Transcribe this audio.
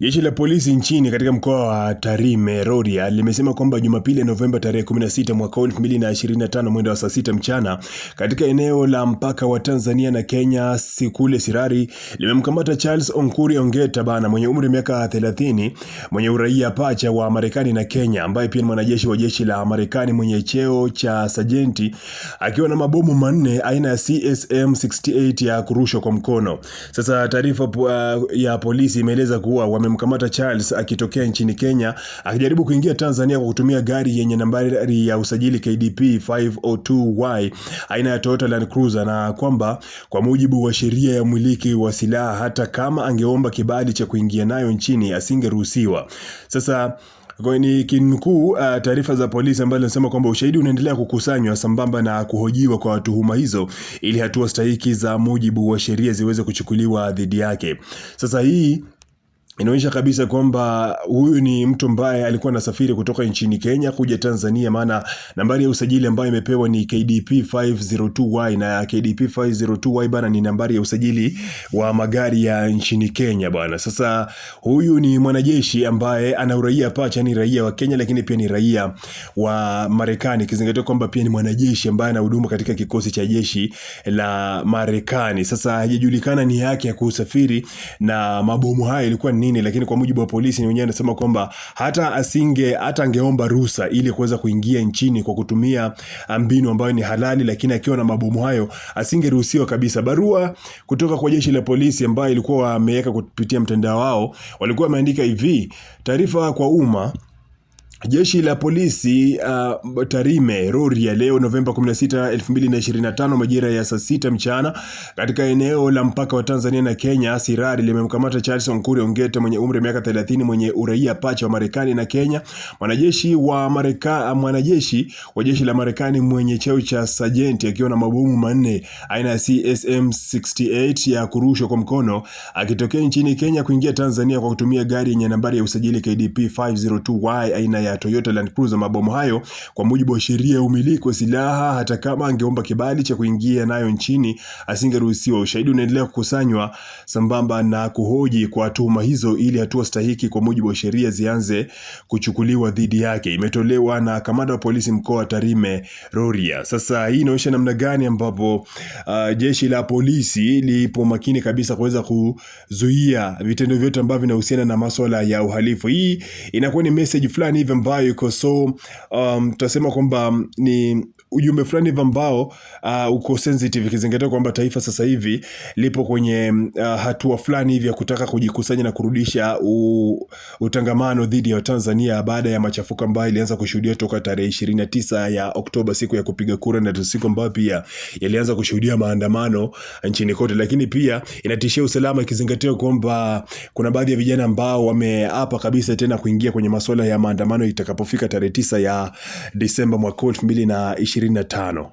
Jeshi la polisi nchini katika mkoa wa Tarime Rorya limesema kwamba Jumapili Novemba tarehe 16 mwaka 2025 mwendo wa saa sita mchana katika eneo la mpaka wa Tanzania na Kenya Sikule Sirari limemkamata Charles Onkuri Ongeta bana mwenye umri wa miaka 30 mwenye uraia pacha wa Marekani na Kenya ambaye pia ni mwanajeshi wa jeshi la Marekani mwenye cheo cha sajenti akiwa na mabomu manne aina ya CSM 68 ya kurushwa kwa mkono. Sasa taarifa ya polisi imeeleza kuwa wame wamemkamata Charles akitokea nchini Kenya akijaribu kuingia Tanzania kwa kutumia gari yenye nambari ya usajili KDP 502Y aina ya Toyota Land Cruiser, na kwamba kwa mujibu wa sheria ya umiliki wa silaha hata kama angeomba kibali cha kuingia nayo nchini asingeruhusiwa. Sasa ni kinukuu uh, taarifa za polisi ambazo zinasema kwamba ushahidi unaendelea kukusanywa sambamba na kuhojiwa kwa tuhuma hizo ili hatua stahiki za mujibu wa sheria ziweze kuchukuliwa dhidi yake. Sasa hii inaonyesha kabisa kwamba huyu ni mtu ambaye alikuwa anasafiri kutoka nchini Kenya kuja Tanzania, maana nambari ya usajili ambayo imepewa ni KDP 502Y na KDP 502Y bana, ni nambari ya usajili wa magari ya nchini Kenya bana. Sasa huyu ni mwanajeshi ambaye ana uraia pacha, ni raia wa Kenya, lakini pia ni raia wa Marekani, kizingatia kwamba pia ni mwanajeshi ambaye anahudumu katika kikosi cha jeshi la Marekani. Sasa hajajulikana ni yake ya kusafiri na mabomu haya ilikuwa ni nini, lakini kwa mujibu wa polisi wenyewe anasema kwamba hata asinge hata angeomba ruhusa ili kuweza kuingia nchini kwa kutumia ah, mbinu ambayo ni halali, lakini akiwa na mabomu hayo asingeruhusiwa kabisa. Barua kutoka kwa jeshi la polisi ambayo ilikuwa wameweka kupitia mtandao wao, walikuwa wameandika hivi: taarifa kwa umma Jeshi la polisi uh, Tarime Rorya leo Novemba 16, 2025 majira ya saa sita mchana katika eneo la mpaka wa Tanzania na Kenya Sirari limemkamata Charles Onkuri Ongeta mwenye umri wa miaka 30 mwenye uraia pacha wa Marekani na Kenya, mwanajeshi wa Marekani, mwanajeshi wa jeshi la Marekani mwenye cheo cha sajenti akiwa na mabomu manne aina ya CSM68 ya kurushwa kwa mkono akitokea nchini Kenya kuingia Tanzania kwa kutumia gari yenye nambari ya usajili KDP 502Y aina ya ya Toyota Land Cruiser mabomu hayo kwa mujibu wa sheria ya umiliki wa silaha. Hata kama angeomba kibali cha kuingia nayo nchini asingeruhusiwa. Ushahidi unaendelea kukusanywa sambamba na kuhoji kwa tuhuma hizo, ili hatua stahiki kwa mujibu wa sheria zianze kuchukuliwa dhidi yake. Imetolewa na kamanda wa polisi mkoa wa Tarime Roria. Sasa hii inaonyesha namna gani ambapo uh, jeshi la polisi lipo makini kabisa kuweza kuzuia vitendo vyote ambavyo vinahusiana na masuala ya uhalifu. Hii inakuwa ni message fulani hivi ambayo iko so um, tutasema kwamba um, ni ujumbe fulani hivi ambao uh, uko sensitive ikizingatia kwamba taifa sasa hivi lipo kwenye um, uh, hatua fulani hivi ya kutaka kujikusanya na kurudisha u, utangamano dhidi ya Tanzania baada ya machafuko ambayo ilianza kushuhudia toka tarehe 29 ya Oktoba, siku ya kupiga kura, na siku ambayo pia ilianza kushuhudia maandamano nchini kote, lakini pia inatishia usalama ikizingatia kwamba kuna baadhi ya vijana ambao wameapa kabisa tena kuingia kwenye masuala ya maandamano itakapofika tarehe tisa ya Disemba mwaka elfu mbili na ishirini na tano.